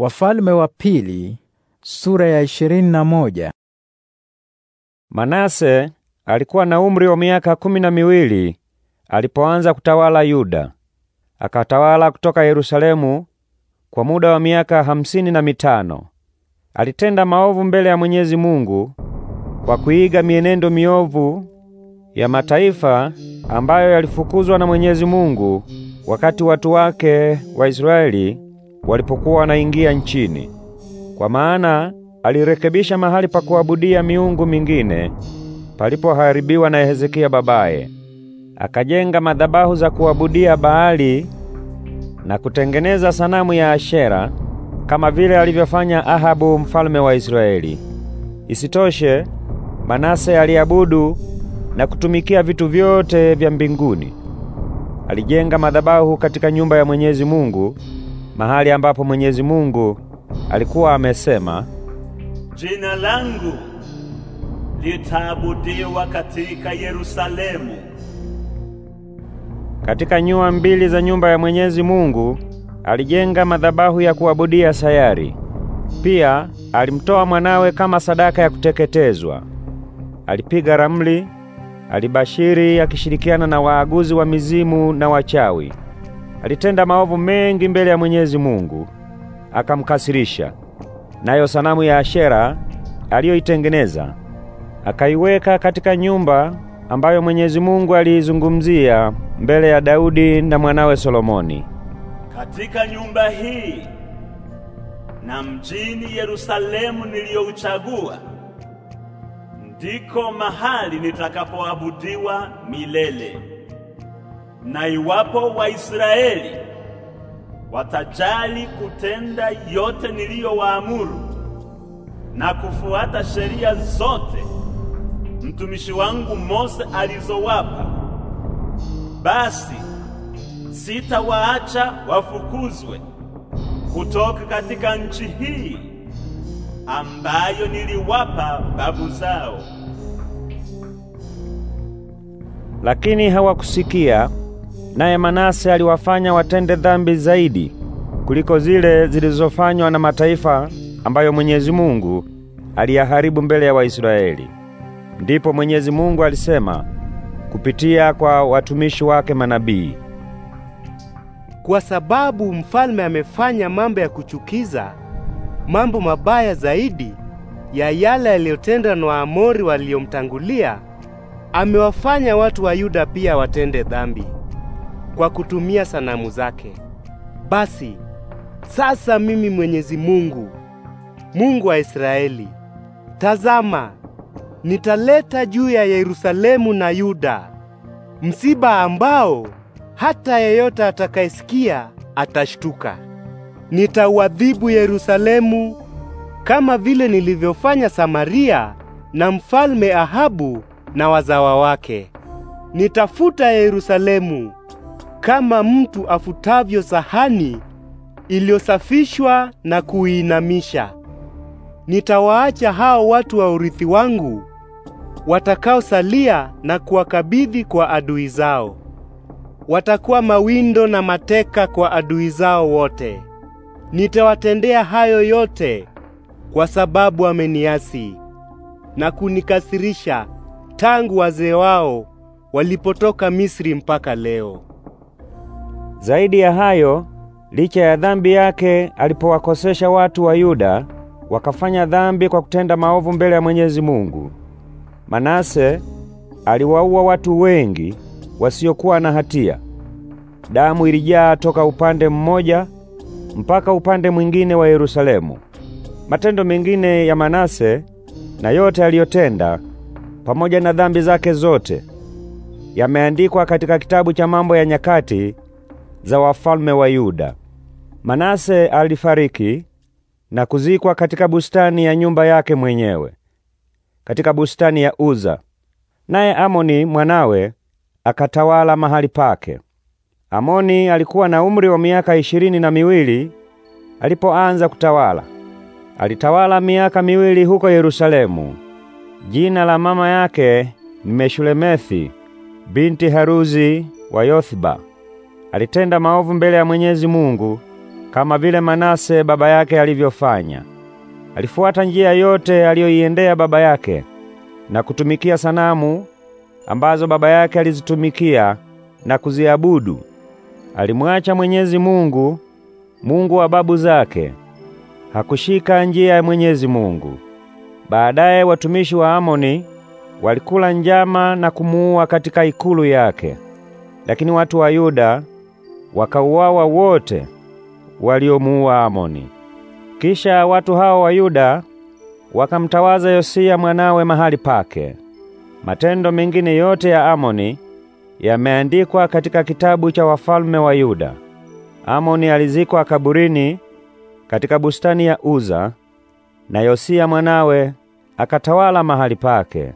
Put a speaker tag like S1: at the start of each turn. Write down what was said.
S1: Wafalme wa pili, sura ya ishirini na moja.
S2: Manase alikuwa na umri wa miaka kumi na miwili alipoanza kutawala Yuda. Akatawala kutoka Yerusalemu kwa muda wa miaka hamsini na mitano. Alitenda maovu mbele ya Mwenyezi Mungu kwa kuiga mienendo miovu ya mataifa ambayo yalifukuzwa na Mwenyezi Mungu wakati watu wake wa Israeli walipokuwa wanaingia nchini, kwa maana alirekebisha mahali pa kuabudia miungu mingine palipoharibiwa na Hezekia babaye. Akajenga madhabahu za kuabudia Baali na kutengeneza sanamu ya Ashera kama vile alivyofanya Ahabu mfalme wa Israeli. Isitoshe, Manase aliabudu na kutumikia vitu vyote vya mbinguni. Alijenga madhabahu katika nyumba ya Mwenyezi Mungu mahali ambapo Mwenyezi Mungu alikuwa amesema,
S3: jina langu litaabudiwa katika Yerusalemu.
S2: Katika nyua mbili za nyumba ya Mwenyezi Mungu alijenga madhabahu ya kuabudia sayari. Pia alimtoa mwanawe kama sadaka ya kuteketezwa. Alipiga ramli, alibashiri akishirikiana na waaguzi wa mizimu na wachawi. Alitenda maovu mengi mbele ya Mwenyezi Mungu, akamkasirisha. Nayo sanamu ya Ashera aliyoitengeneza akaiweka katika nyumba ambayo Mwenyezi Mungu aliizungumzia mbele ya Daudi na mwanawe Solomoni.
S3: Katika nyumba hii na mjini Yerusalemu niliyouchagua ndiko mahali nitakapoabudiwa milele na iwapo Waisraeli watajali kutenda yote niliyowaamuru na kufuata sheria zote mtumishi wangu Mose alizowapa, basi sitawaacha wafukuzwe kutoka katika nchi hii ambayo niliwapa babu zao.
S2: Lakini hawakusikia Naye Manase aliwafanya watende dhambi zaidi kuliko zile zilizofanywa na mataifa ambayo Mwenyezi Mungu aliyaharibu mbele ya Waisraeli. Ndipo Mwenyezi Mungu alisema kupitia kwa watumishi wake manabii, kwa sababu mfalme amefanya
S1: mambo ya kuchukiza, mambo mabaya zaidi ya yale yaliyotendwa na Waamori waliomtangulia, amewafanya watu wa Yuda pia watende dhambi kwa kutumia sanamu zake. Basi sasa mimi Mwenyezi Mungu, Mungu wa Israeli, tazama, nitaleta juu ya Yerusalemu na Yuda msiba ambao hata yeyote atakayesikia atashtuka. Nitauadhibu Yerusalemu kama vile nilivyofanya Samaria na mfalme Ahabu na wazawa wake. Nitafuta Yerusalemu kama mtu afutavyo sahani iliyosafishwa na kuinamisha. Nitawaacha hao watu wa urithi wangu watakaosalia na kuwakabidhi kwa adui zao. Watakuwa mawindo na mateka kwa adui zao wote. Nitawatendea hayo yote kwa sababu wameniasi na kunikasirisha tangu wazee wao walipotoka Misri mpaka leo.
S2: Zaidi ya hayo, licha ya dhambi yake alipowakosesha watu wa Yuda, wakafanya dhambi kwa kutenda maovu mbele ya Mwenyezi Mungu. Manase aliwaua watu wengi wasiokuwa na hatia. Damu ilijaa toka upande mmoja mpaka upande mwingine wa Yerusalemu. Matendo mengine ya Manase na yote aliyotenda pamoja na dhambi zake zote yameandikwa katika kitabu cha mambo ya nyakati za wafalme wa Yuda. Manase alifariki na kuzikwa katika bustani ya nyumba yake mwenyewe katika bustani ya Uza. Naye Amoni mwanawe akatawala mahali pake. Amoni alikuwa na umri wa miaka ishirini na miwili alipoanza kutawala. Alitawala miaka miwili huko Yerusalemu. Jina la mama yake ni Meshulemethi binti Haruzi wa Yothba. Alitenda maovu mbele ya Mwenyezi Mungu kama vile Manase baba yake alivyofanya. Alifuata njia yote aliyoiendea baba yake na kutumikia sanamu ambazo baba yake alizitumikia na kuziabudu. Alimwacha Mwenyezi Mungu, Mungu wa babu zake. Hakushika njia ya Mwenyezi Mungu. Baadaye watumishi wa Amoni walikula njama na kumuua katika ikulu yake. Lakini watu wa Yuda wakauawa wote waliomuua Amoni. Kisha watu hao wa Yuda wakamtawaza Yosia mwanawe mahali pake. Matendo mengine yote ya Amoni yameandikwa katika kitabu cha wafalme wa Yuda. Amoni alizikwa kaburini katika bustani ya Uza, na Yosia mwanawe akatawala mahali pake.